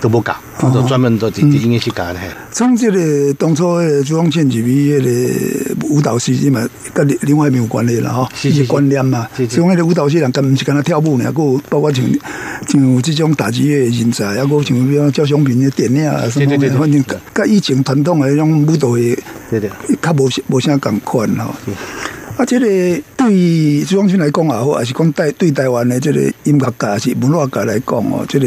都不搞，都、哦、專門都自己自己去搞嘞。從這個當初朱宗慶這邊的舞蹈師們跟另外一邊有關聯了哈，一些關聯嘛。是，是，是，朱宗慶的舞蹈師人佮唔是跟他跳舞呢？還有包括像像有這種打擊樂人才，還有像比方叫相片的電影啊，什麼的，對對對對，反正佮以前傳統的那種舞蹈的，佮冇冇相共款咯。啊，這個對朱宗慶來講也好，還是講台對台灣的這個音樂界是文化界來講哦，這個。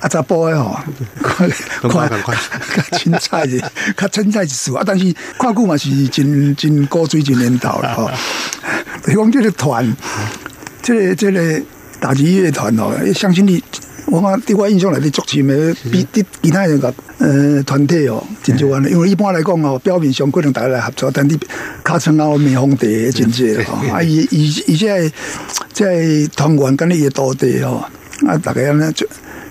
啊，查甫嘅嗬，很快快，看看較清彩者較清彩啲事。啊，但是看久嘛是真真古錐，真年頭咯。你講即個團，即、嗯這個即係、這個這個、打擊樂團哦，相信你，我喺佇我印象內底足深誒比佇其他人個誒團體吼真少安尼。因為一般來講吼，表面上可能大家嚟合作，但啲卡層啊、面皇帝誒真濟吼。啊，伊伊伊且係即係團員跟啲誒徒弟吼，啊，大家咧就。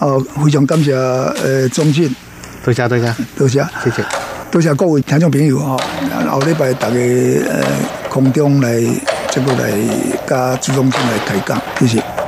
哦，非常感謝誒，宗、呃、慶，多謝多謝，多謝，謝謝，多謝各位聽眾朋友哦，然後禮拜六嘅誒、呃、空中嚟，即、這個嚟加朱宗慶嚟提綱，謝謝。